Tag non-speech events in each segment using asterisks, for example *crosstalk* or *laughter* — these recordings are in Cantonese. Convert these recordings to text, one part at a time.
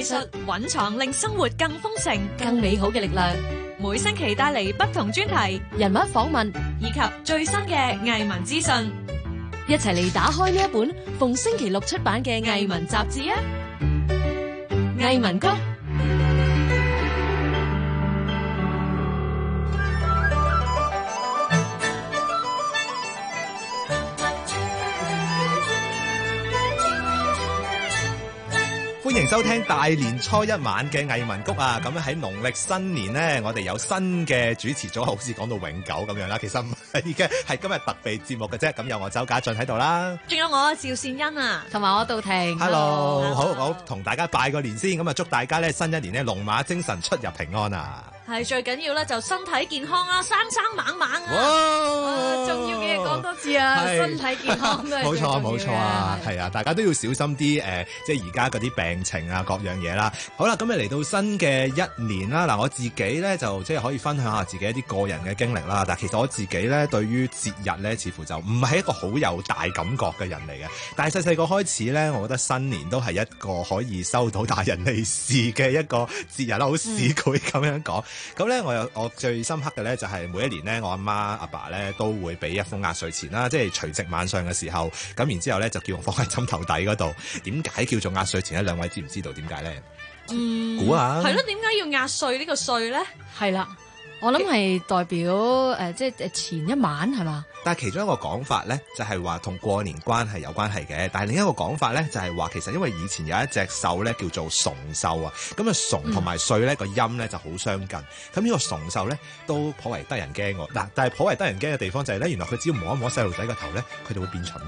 技術藝術蘊藏，令生活更豐盛、更美好嘅力量，每星期帶嚟不同專題、人物訪問以及最新嘅藝文資訊，一齊嚟打開呢一本逢星期六出版嘅藝文雜誌啊！藝文曲。收聽大年初一晚嘅藝文谷啊，咁喺農曆新年呢，我哋有新嘅主持組，好似講到永久咁樣啦，其實唔係，已經係今日特別節目嘅啫。咁有我周家俊喺度啦，仲有我趙善恩啊，同埋我杜婷啊。Hello，好，我同大家拜個年先，咁啊祝大家咧新一年咧龍馬精神，出入平安啊！係最緊要咧，就身體健康啦，生生猛猛啊！哇啊，重要嘅嘢講多次啊，是身體健康冇錯，冇錯啊，是啊！大家都要小心啲、呃、即係而家嗰啲病情啊，各樣嘢啦。好啦，咁啊嚟到新嘅一年啦，嗱，我自己咧就即係可以分享下自己一啲個人嘅經歷啦。但係其實我自己咧對於節日咧，似乎就唔係一個好有大感覺嘅人嚟嘅。但係細細個開始咧，我覺得新年都係一個可以收到大人利是嘅一個節日啦，好市儈咁樣講。嗯。咁咧，我有我最深刻嘅咧，就係每一年咧，我阿媽阿爸咧都會俾一封壓歲錢啦，即係除夕晚上嘅時候，咁然之後咧就叫我放喺枕頭底嗰度。點解叫做壓歲錢咧？兩位知唔知道點解咧？嗯，估下。係咯，點解要壓歲呢個歲咧？係啦，我諗係代表即係、呃、前一晚係嘛？但係其中一個講法咧，就係話同過年關係有關係嘅。但係另一個講法咧，就係、是、話其實因為以前有一隻獸咧叫做祟獸啊，咁啊祟同埋歲咧個音咧就好相近。咁、這個、呢個祟獸咧都頗為得人驚喎。嗱，但係頗為得人驚嘅地方就係、是、咧，原來佢只要摸一摸細路仔個頭咧，佢就會變蠢。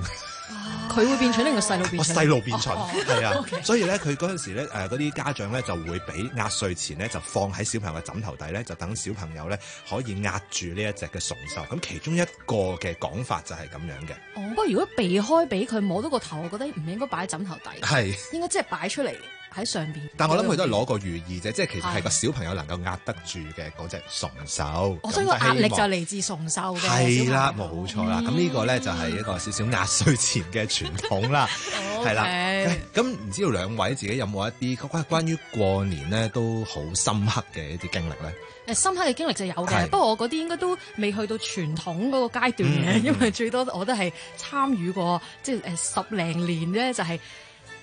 佢會變蠢定個細路變蠢？個細路變蠢，係啊，所以咧，佢嗰陣時咧，誒嗰啲家長咧就會俾壓歲錢咧就放喺小朋友嘅枕頭底咧，就等小朋友咧可以壓住呢一隻嘅松獸。咁其中一個嘅講法就係咁樣嘅。哦，不過如果避開俾佢摸到個頭，我覺得唔應該擺喺枕頭底，係是應該即係擺出嚟。喺上邊但我諗佢都係攞個寓意啫，即係其實係個小朋友能夠壓得住嘅嗰隻鬆手。我覺得個壓力就嚟自鬆手嘅。係啦的，冇、嗯、錯啦。咁呢個咧就係一個少少壓歲錢嘅傳統啦。係啦 *laughs* Okay。咁唔知道兩位自己有冇一啲關於過年咧都好深刻嘅一啲經歷咧？深刻嘅經歷就有嘅，的不過我嗰啲應該都未去到傳統嗰個階段嘅，嗯嗯嗯因為最多我都係參與過，即、就、係、是、十零年咧就係、是。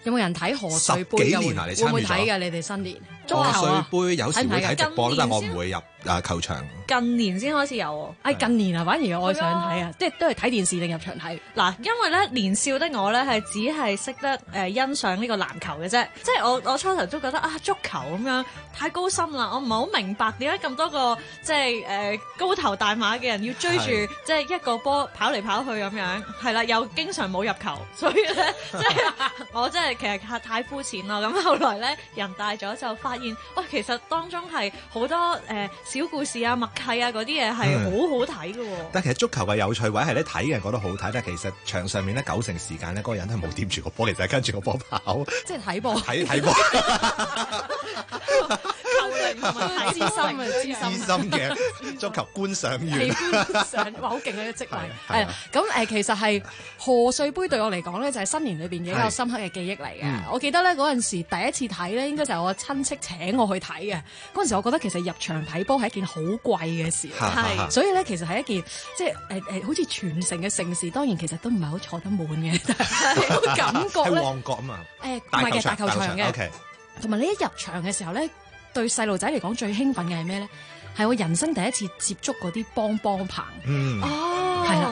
有冇人睇賀歲杯會會睇嘅你年啊？會唔會睇嘅？你哋新年中秋有時會睇直播，睇唔睇、啊、但我唔會入。啊！球場近年先開始有、啊，係對、哎、近年啊，反而我愛上睇啊，即係、啊、都係睇電視定入場睇。嗱，因為咧年少的我咧係只係識得誒、呃、欣賞呢個籃球嘅啫，即係我我初頭都覺得啊足球咁樣太高深啦，我唔係好明白點解咁多個即係誒、呃、高頭大馬嘅人要追住對即係一個波跑嚟跑去咁樣，係啦，又經常冇入球，所以咧，即係 *laughs* 我真係其實太太膚淺咯。咁後來咧人大咗就發現，喂、哎，其實當中係好多誒。呃小故事啊、默契啊嗰啲嘢係好好睇嘅喎，但其實足球嘅有趣位係你睇嘅人覺得好睇，但其實場上面咧九成時間咧嗰個人都係冇掂住個波，其實跟住個波跑，即係睇波，睇睇波。 *laughs* *laughs* 資深，啊，資深嘅足球觀賞員 *laughs* 是，哇 *laughs* 是，好勁嘅職位。係咁誒，其實係賀歲杯對我嚟講咧，就係、是、新年裏邊一個比較深刻嘅記憶嚟嘅。嗯、我記得咧嗰陣時第一次睇咧，應該就係我親戚請我去睇嘅。嗰陣時我覺得其實入場睇波係一件好貴嘅事，係、啊、所以咧其實係一件即係誒誒，好似全城嘅盛事，當然其實都唔係好坐得滿嘅感覺呢。係旺角啊嘛，誒唔係嘅大球場嘅，同埋、okay、你一入場嘅時候咧。對細路仔嚟講，最興奮嘅係咩咧？係我人生第一次接觸啲幫幫棚嗯哦！啊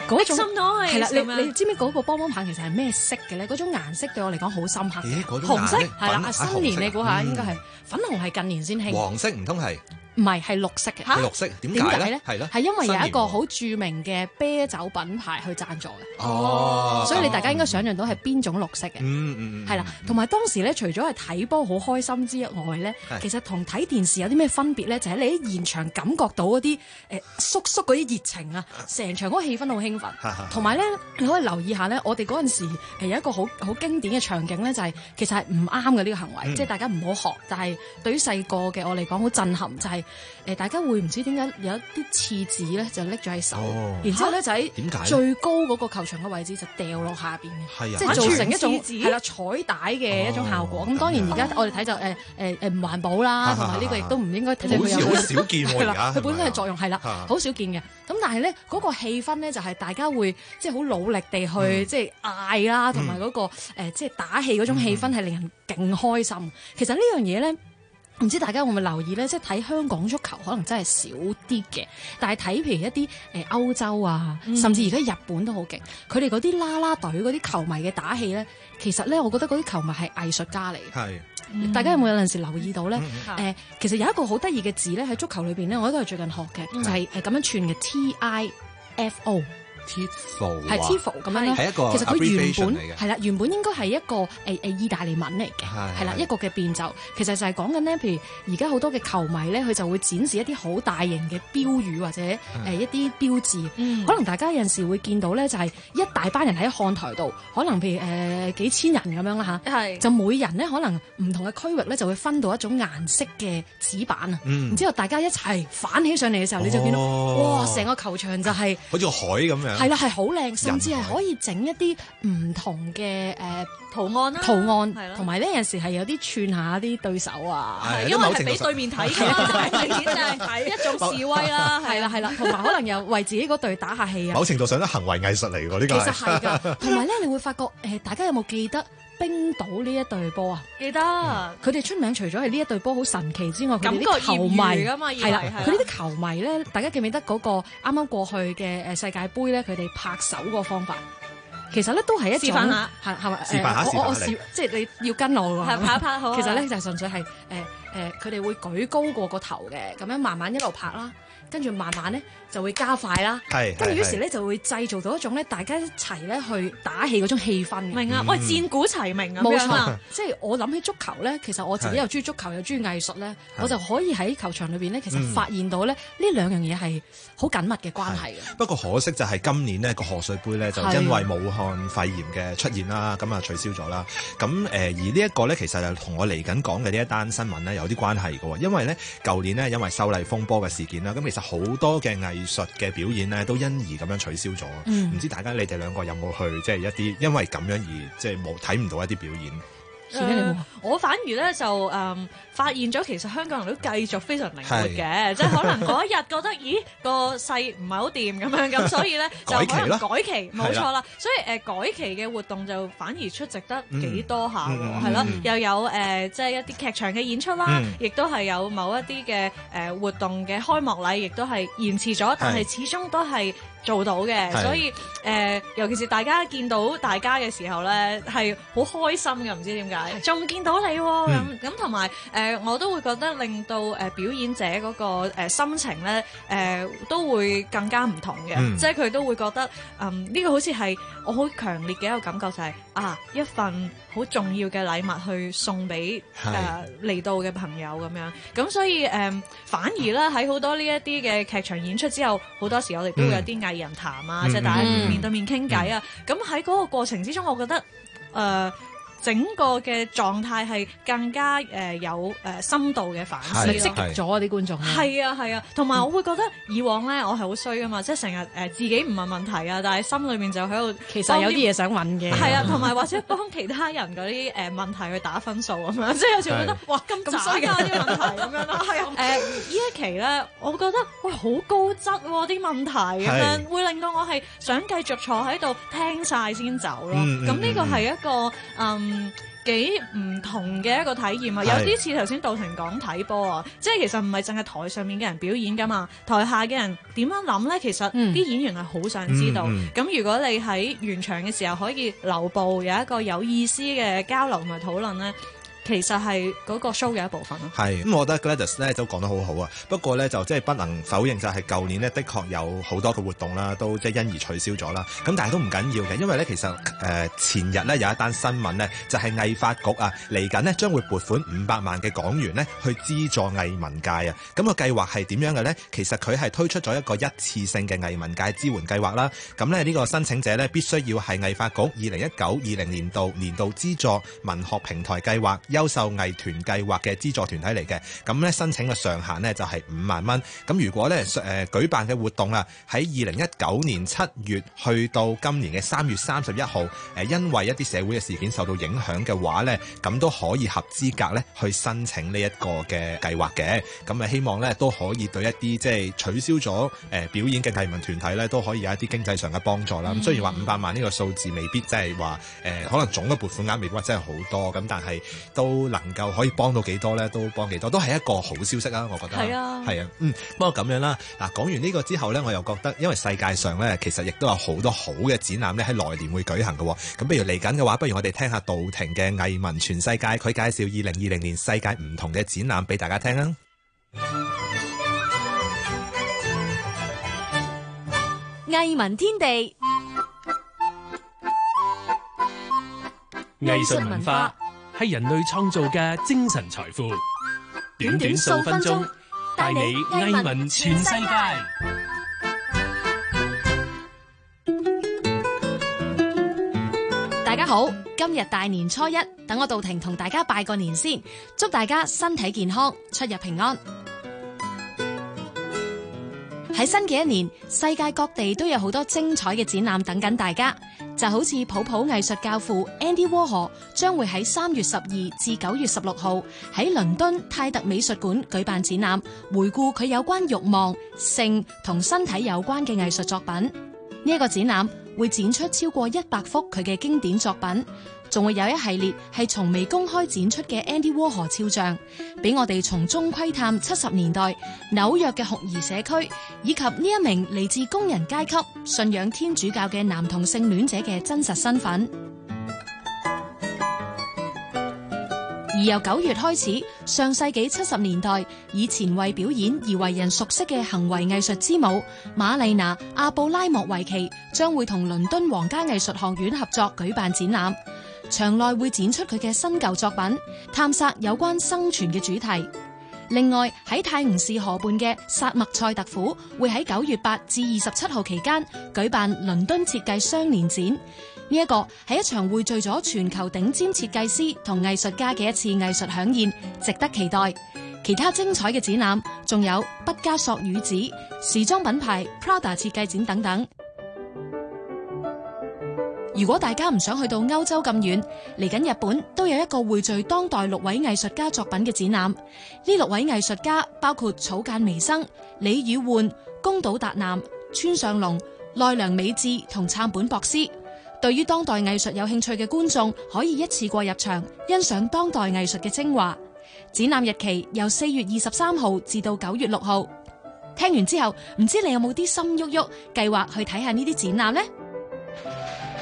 嗰一種係啦，你你知唔知嗰個波波棒其實係咩色嘅咧？嗰種顏色對我嚟講好深刻，紅色係啦，新年你估下應該係粉紅係近年先興，黃色唔通係？唔係係綠色嘅嚇，綠色點解咧？係咯，係因為有一個好著名嘅啤酒品牌去贊助嘅，哦，所以你大家應該想像到係邊種綠色嘅，嗯嗯，係啦，同埋當時咧，除咗係睇波好開心之外咧，其實同睇電視有啲咩分別咧？就係你喺現場感覺到嗰啲誒，叔叔嗰啲熱情啊，成場嗰氣氛。好興奮，同埋咧，你可以留意下咧，我哋嗰陣時係有一個好好經典嘅場景咧，就係其實係唔啱嘅呢個行為，即係大家唔好學。但係對於細個嘅我嚟講，好震撼，就係誒，大家會唔知點解有一啲廁紙咧，就拎咗喺手，然之後咧就喺最高嗰個球場嘅位置就掉落下邊，即係造成一種係啦彩帶嘅一種效果。咁當然而家我哋睇就誒誒誒唔環保啦，同埋呢個亦都唔應該睇睇。好似好少見喎而家，佢本身嘅作用係啦，好少見嘅。咁但係咧，嗰個氣氛咧，就係大家會即係好努力地去即係嗌啦，同埋嗰個嗯呃即係打氣嗰種氣氛係令人勁開心。其實呢樣嘢咧。唔知大家會唔會留意咧？即係睇香港足球可能真係少啲嘅，但係睇譬如一啲誒歐洲啊，甚至而家日本都好勁。佢哋嗰啲啦啦隊、嗰啲球迷嘅打氣咧，其實咧，我覺得嗰啲球迷係藝術家嚟嘅。係，大家有冇有陣時留意到咧？誒，其實有一個好得意嘅字咧，喺足球裏邊咧，我都係最近學嘅，係，就係誒咁樣串嘅 T I F O。Tifo，係 Tifo 咁樣咯，係一個其實佢原本係啦，原本應該係一個誒誒意大利文嚟嘅，係啦一個嘅變奏。其實就係講緊呢，譬如而家好多嘅球迷咧，佢就會展示一啲好大型嘅標語或者誒一啲標誌。可能大家有陣時會見到咧，就係一大班人喺看台度，可能譬如誒幾千人咁樣啦嚇，就每人呢，可能唔同嘅區域咧就會分到一種顏色嘅紙板啊，然之後大家一齊反起上嚟嘅時候，你就見到哇，成個球場就係好似海咁樣。係啦，係好靚，甚至係可以整一啲唔同嘅誒圖案啦，圖案，同埋咧有時係有啲串下啲對手啊，因為係俾對面睇嘅嘛，係一種示威啦，係啦係啦，同埋可能又為自己嗰隊打下氣啊，某程度上都行為藝術嚟㗎呢個，其實係㗎，同埋咧你會發覺誒，大家有冇記得？冰島呢一隊波啊，記得佢、啊、哋出名除咗係呢一隊波好神奇之外，呢個球迷係啦，佢呢啲球迷咧，大家記唔記得嗰個啱啱過去嘅誒世界盃咧，佢哋拍手個方法，其實咧都係一種示範下，係咪？係係示範、呃、示範下我我即係你要跟我，拍一拍好。其實咧就係純粹係誒誒，佢、呃、哋、呃、會舉高過個頭嘅，咁樣慢慢一路拍啦。跟住慢慢咧就會加快啦，跟住於是咧就會製造到一種咧大家一齊咧去打氣嗰種氣氛，明啊，我係戰鼓齊鳴啊，冇錯錯，即係我諗起足球咧，其實我自己又中意足球是又中意藝術咧，是我就可以喺球場裏面咧，其實發現到咧呢兩樣嘢係好緊密嘅關係嘅。不過可惜就係今年呢個賀歲杯咧就因為武漢肺炎嘅出現啦，咁啊是取消咗啦。咁、呃、而呢一個咧其實就同我嚟緊講嘅呢一單新聞咧有啲關係㗎喎，因為咧舊年呢因為修例風波嘅事件啦，咁好多嘅藝術嘅表演咧，都因而咁樣取消咗。嗯。唔知大家你哋兩個有冇去，即係一啲因為咁樣而即係冇睇唔到一啲表演？呃，我反而咧就，呃發現咗其實香港人都繼續非常靈活嘅，即係可能嗰日覺得咦，個勢唔係好掂咁樣咁，所以咧就可能改期，冇錯啦。所以誒改期嘅活動就反而出席得幾多下喎，係咯，又有誒即係一啲劇場嘅演出啦，亦都係有某一啲嘅誒活動嘅開幕禮，亦都係延遲咗，但係始終都係做到嘅。所以誒，尤其是大家見到大家嘅時候咧，係好開心嘅，唔知點解仲見到你咁咁，同埋誒呃、我都會覺得令到誒、呃、表演者嗰、嗰個、呃、心情咧誒、呃、都會更加唔同嘅，即係佢都會覺得嗯呢、呃呢個好似係我好強烈嘅一個感覺、就係，就係啊一份好重要嘅禮物去送俾誒嚟到嘅朋友咁樣。咁是所以誒、呃，反而咧喺好多呢一啲嘅劇場演出之後，好多時我哋都會有啲藝人談啊，即係大家面對面傾偈啊。咁喺嗰個過程之中，我覺得誒、呃整個嘅狀態係更加誒有誒深度嘅反思，刺激咗啲觀眾。係啊係啊，同埋我會覺得以往咧，我係好衰噶嘛，即係成日誒自己唔問問題啊，但係心裏面就喺度其實有啲嘢想問嘅。係啊，同埋或者幫其他人嗰啲誒問題去打分數咁樣，即係有時覺得哇咁渣啲問題咁樣啦。係啊，誒呢一期咧，我覺得喂好高質喎啲問題咁樣，會令到我係想繼續坐喺度聽曬先走咯。咁呢個係一個嗯。嗯，幾唔同嘅一個體驗啊，是有啲似頭先杜晴講睇波啊，即係其實唔係淨係台上面嘅人表演噶嘛，台下嘅人點樣諗呢？其實啲演員係好想知道，咁、嗯、如果你喺完場嘅時候可以留步，有一個有意思嘅交流同埋討論呢。其實係嗰個 show 嘅一部分咯。係咁，我覺得 g 咧都講得好好啊。不過咧，就即係不能否認就係、是、舊年呢，的確有好多嘅活動啦，都即係因而取消咗啦。咁但係都唔緊要嘅，因為咧其實誒、呃、前日咧有一單新聞呢，就係藝發局啊，嚟緊呢，將會撥款五百萬嘅港元呢去資助藝文界啊。咁、那個計劃係點樣嘅呢？其實佢係推出咗一個一次性嘅藝文界支援計劃啦。咁咧呢個申請者呢，必須要係藝發局二零一九二零年度年度資助文學平台計劃。優秀藝團計劃嘅資助團體嚟嘅，咁咧申請嘅上限咧就係五萬蚊。咁如果咧誒舉辦嘅活動啦，喺二零一九年七月去到今年嘅三月三十一號，誒因為一啲社會嘅事件受到影響嘅話咧，咁都可以合資格咧去申請呢一個嘅計劃嘅。咁啊希望咧都可以對一啲即係取消咗誒表演嘅藝文團體咧都可以有一啲經濟上嘅幫助啦。咁、mm hmm. 雖然話五百萬呢個數字未必即係話誒可能總嘅撥款額未必真係好多，咁但係都。都能夠可以幫到幾多呢？都幫幾多，都係一個好消息啊！我覺得係啊，係是啊，啊，嗯，不過咁樣啦。嗱，講完呢個之後呢，我又覺得，因為世界上呢，其實亦都有好多好嘅展覽呢，喺來年會舉行嘅，啊。咁，不如嚟緊嘅話，不如我哋聽下杜婷嘅藝文全世界，佢介紹二零二零年世界唔同嘅展覽俾大家聽啊！藝文天地，藝術文化。係人類創造嘅精神財富，短短數分鐘帶你藝聞全世界。大家好，今日大年初一，等我到庭同大家拜個年先，祝大家身體健康，出入平安。喺新嘅一年，世界各地都有好多精彩嘅展覽等緊大家。就好似普普藝術教父 Andy Warhol 將會喺三月十二至九月十六號喺倫敦泰特美術館舉辦展覽，回顧佢有關欲望、性同身體有關嘅藝術作品。呢個展覽會展出超過一百幅佢嘅經典作品。仲會有一系列係從未公開展出嘅 Andy Warhol 肖像，俾我哋從中窺探七十年代紐約嘅紅兒社區，以及呢一名嚟自工人階級、信仰天主教嘅男同性戀者嘅真實身份。而由九月開始，上世紀七十年代以前衛表演而為人熟悉嘅行為藝術之母瑪麗娜·阿布拉莫維奇將會同倫敦皇家藝術學院合作舉辦展覽。場內會展出佢嘅新舊作品，探索有關生存嘅主題。另外，喺泰晤士河畔嘅薩默塞特府會喺九月八至二十七號期間舉辦倫敦設計雙年展，呢一個係一場匯聚咗全球頂尖設計師同藝術家嘅一次藝術饗宴，值得期待。其他精彩嘅展覽仲有畢加索與子時裝品牌 Prada 設計展等等。如果大家唔想去到歐洲咁遠，嚟緊日本都有一個匯聚當代六位藝術家作品嘅展覽。呢六位藝術家包括草間彌生、李宇煥、宮島達男、村上隆、奈良美智同杉本博司。對於當代藝術有興趣嘅觀眾，可以一次過入場欣賞當代藝術嘅精華。展覽日期由四月二十三號至到九月六號。聽完之後，唔知道你有冇啲心喐喐，計劃去睇下呢啲展覽呢？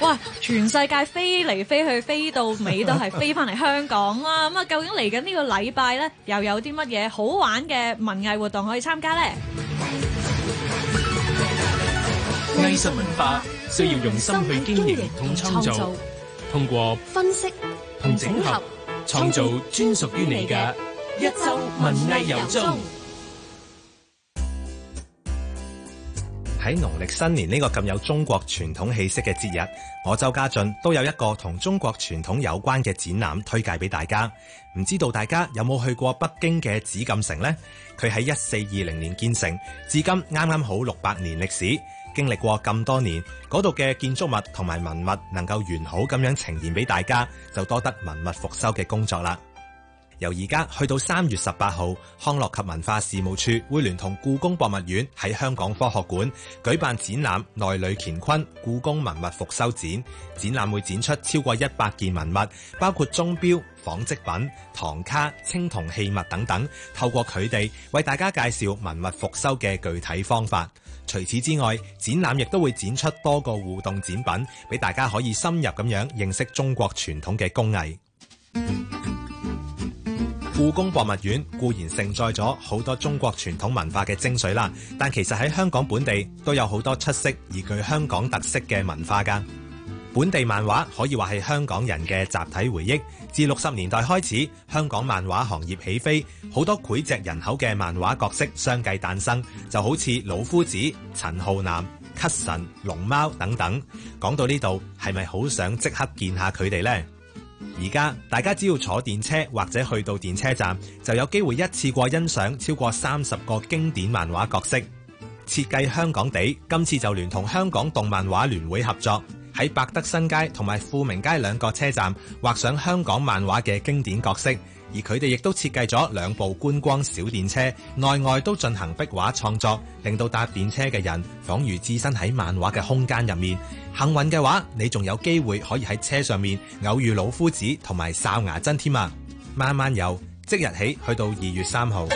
哇！全世界飛嚟飛去，飛到尾都係飛翻嚟香港啦！咁啊，究竟嚟緊呢個禮拜咧，又有啲乜嘢好玩嘅文藝活動可以參加咧？藝術文化需要用心去經營同創造，通過分析同整合，創造專屬於你嘅。一周文藝遊蹤。喺農曆新年呢個咁有中國傳統氣息嘅節日，我周家俊都有一個同中國傳統有關嘅展覽推介俾大家。唔知道大家有冇去過北京嘅紫禁城呢？佢喺一四二零年建成，至今啱啱好六百年歷史。經歷過咁多年，嗰度嘅建築物同埋文物能夠完好咁樣呈現俾大家，就多得文物復修嘅工作啦。由而家去到三月十八號，康樂及文化事務署會聯同故宮博物院喺香港科學館舉辦展覽《內裏乾坤：故宮文物復修展》。展覽會展出超過一百件文物，包括鐘表、紡織品、唐卡、青銅器物等等。透過佢哋為大家介紹文物復修嘅具體方法。除此之外，展覽亦都會展出多個互動展品，俾大家可以深入咁樣認識中國傳統嘅工藝。 *music* 故宮博物院固然承載咗好多中國傳統文化嘅精髓啦，但其實喺香港本地都有好多出色而具香港特色嘅文化噶。本地漫畫可以話係香港人嘅集體回憶。自六十年代開始，香港漫畫行業起飛，好多膾炙人口嘅漫畫角色相繼誕生，就好似老夫子、陳浩南、吸神、龍貓等等。講到呢度，係咪好想即刻見下佢哋呢？而家大家只要坐電車或者去到電車站，就有機會一次過欣賞超過三十個經典漫畫角色。設計香港地，今次就聯同香港動漫畫聯會合作，喺百德新街同埋富明街兩個車站畫上香港漫畫嘅經典角色。而佢哋亦都設計咗兩部觀光小電車，內外都進行壁畫創作，令到搭電車嘅人仿如置身喺漫畫嘅空間入面。幸運嘅話，你仲有機會可以喺車上面偶遇老夫子同埋哨牙珍添啊！慢慢遊，即日起去到二月三號。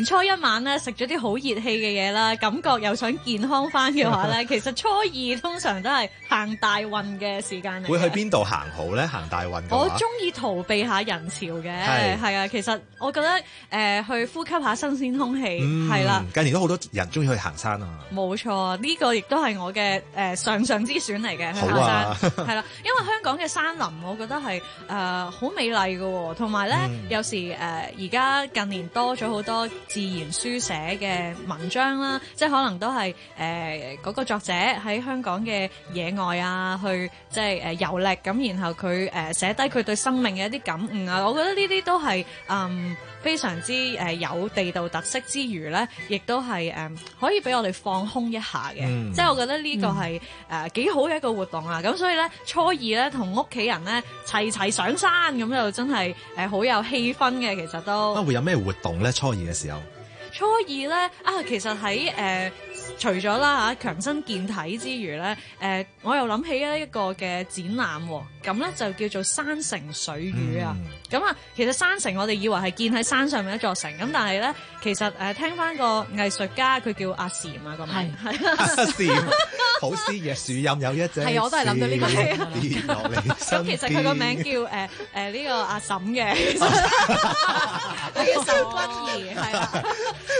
年初一晚咧食咗啲好熱氣嘅嘢啦，感覺又想健康翻嘅話咧，其實初二通常都係行大運嘅時間嚟。會去邊度行好咧？行大運嘅話，我中意逃避下人潮嘅，係啊是，其實我覺得、呃、去呼吸下新鮮空氣係啦。嗯、的近年都好多人中意去行山啊，冇錯，呢、呢個亦都係我嘅、呃、上上之選嚟嘅。去行山，係啦好、啊， *laughs* 因為香港嘅山林，我覺得係誒好美麗㗎喎、哦，同埋咧有時誒而家近年多咗好多。自然書寫嘅文章啦，即係可能都係誒嗰個作者喺香港嘅野外啊，去即係誒遊歷咁，然後佢誒寫低佢對生命嘅一啲感悟啊，我覺得呢啲都係嗯。非常之有地道特色之餘咧，亦都係可以俾我哋放空一下嘅，即係、嗯、我覺得呢個係幾好嘅一個活動啊！咁、嗯、所以咧，初二咧同屋企人咧齊齊上山咁又真係好有氣氛嘅，其實都會有咩活動咧？初二嘅時候，初二咧啊，其實喺除咗啦吓強身健體之餘咧，我又諗起一個嘅展覽喎。咁咧就叫做山城水雨啊！咁啊，其實山城我哋以為係建喺山上面一座城，咁但係咧，其實聽翻個藝術家佢叫阿蟬啊咁，係係阿蟬，好絲葉樹蔭有一隻，係我都係諗到呢個名，其實佢個名叫呢個阿嬸嘅，佢叫沈君儀。係啦，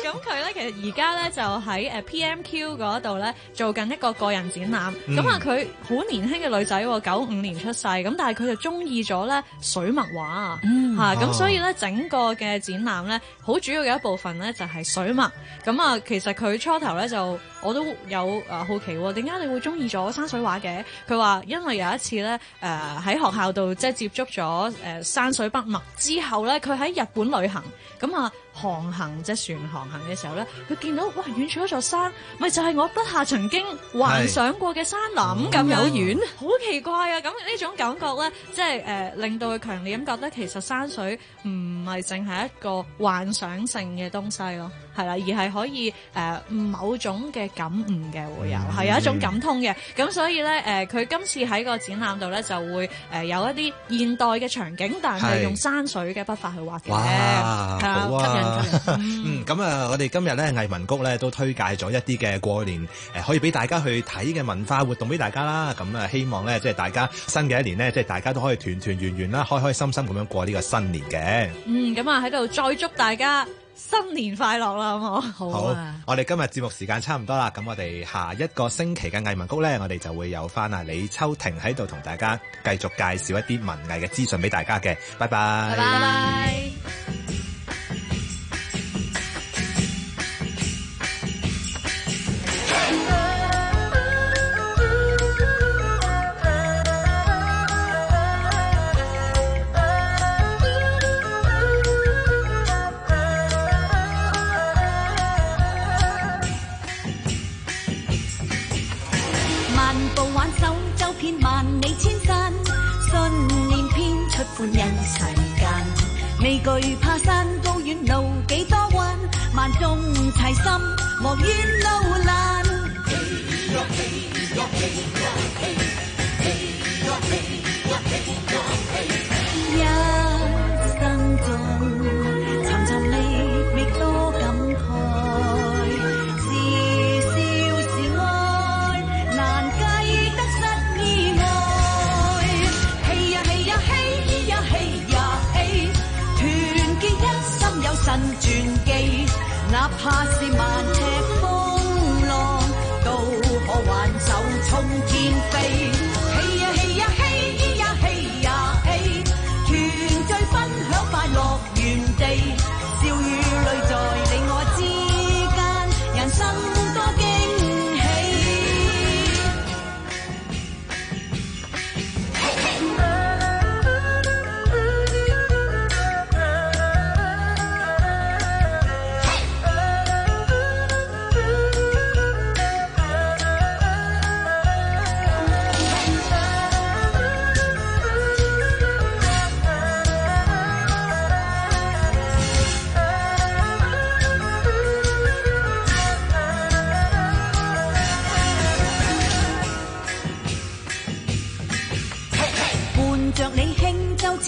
咁佢咧其實而家咧就喺 PMQ 嗰度咧做緊一個個人展覽，咁啊佢好年輕嘅女仔，九五年出世。係咁，但係佢就中意咗咧水墨畫、嗯、啊，吓咁，所以咧整個嘅展覽咧，好主要嘅一部分咧就係水墨。咁啊，其實佢初頭咧就。我都有、啊、好奇喎、哦，點解你會中意咗山水畫嘅？佢話因為有一次咧，喺、呃、學校度即係接觸咗、呃、山水筆墨之後咧，佢喺日本旅行，咁啊航行即係船航行嘅時候咧，佢見到哇遠處一座山，咪就係、是、我筆下曾經幻想過嘅山林咁有樣，好、嗯、奇怪啊！咁呢種感覺咧，即係、呃、令到佢強烈咁覺得其實山水唔係淨係一個幻想性嘅東西咯、哦。係啦，而係可以唔、呃、某種嘅感悟嘅，會有係、嗯、有一種感通嘅。咁所以咧誒，佢、呃、今次喺個展覽度咧就會誒、呃、有一啲現代嘅場景，但係是用山水嘅筆法去畫嘅。哇！呃、好啊！咁啊、就係嗯 *laughs* 嗯，我哋今日咧藝文谷咧都推介咗一啲嘅過年、呃、可以俾大家去睇嘅文化活動俾大家啦。咁啊，希望咧即係大家新嘅一年咧，即係大家都可以團團圓圓啦，開開心心咁樣過呢個新年嘅。嗯，咁啊喺度再祝大家，新年快樂啦，好好，啊、好，我哋今日節目時間差唔多啦，咁我哋下一個星期嘅藝文谷呢，我哋就會有返阿李秋婷喺度同大家繼續介紹一啲文藝嘅資訊俾大家嘅，拜拜。Bye bye *laughs* 挽手走遍萬里千山，信念編出歡欣世間。未懼怕山高遠路幾多彎，萬眾齊心莫怨路難。嘿喲嘿喲嘿喲嘿嘿喲嘿喲嘿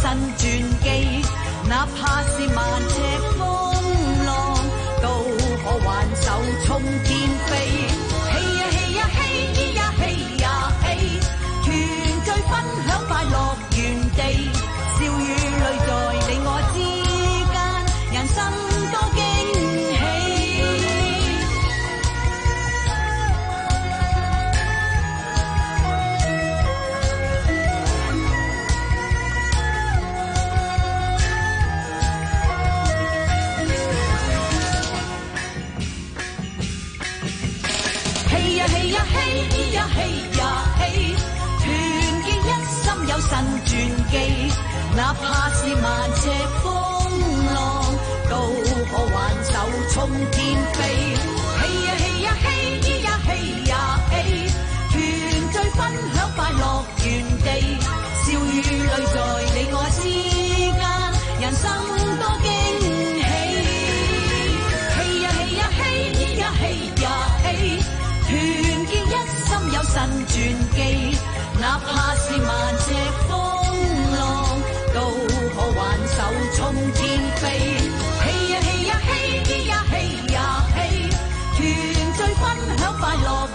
新轉機，哪怕是慢車。新轉機，哪怕是萬尺風浪，都可挽手衝天飛。嘿呀嘿呀嘿咿呀嘿呀嘿，團聚分享快樂。